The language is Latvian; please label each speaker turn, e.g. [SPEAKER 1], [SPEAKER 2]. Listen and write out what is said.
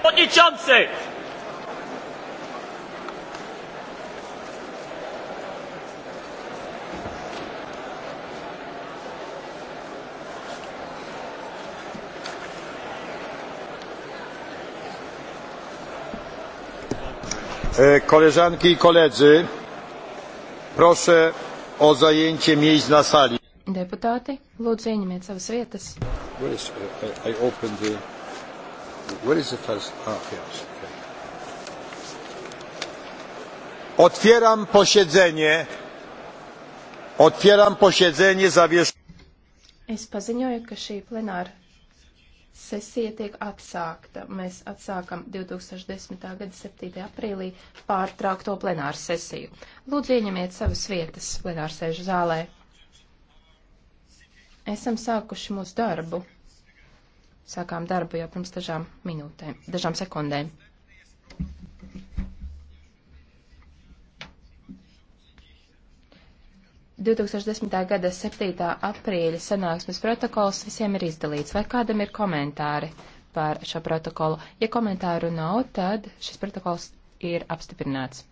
[SPEAKER 1] przewodniczący! E, koleżanki i koledzy, proszę o zajęcie miejsc na sali.
[SPEAKER 2] Deputāti, lūdzu ieņemiet savas vietas.
[SPEAKER 1] Where is, uh, I opened the... What is the first? Ah, yes. Okay. Otwieram posiedzenie. Otwieram posiedzenie zawiesz.
[SPEAKER 2] Es paziņoju, ka šī plenāra sesija tiek atsākta. Mēs atsākam 2010. gada 7. aprīlī pārtraukto plenāru sesiju. Lūdzu, ieņemiet savas vietas plenāru sēžu zālē. Esam sākuši mūsu darbu sākām darbu jau pirms dažām minūtēm, dažām sekundēm. gada 7. aprīļa sanāksmes protokols visiem ir izdalīts. Vai kādam ir komentāri par šo protokolu? Ja komentāru nav, tad šis protokols ir apstiprināts.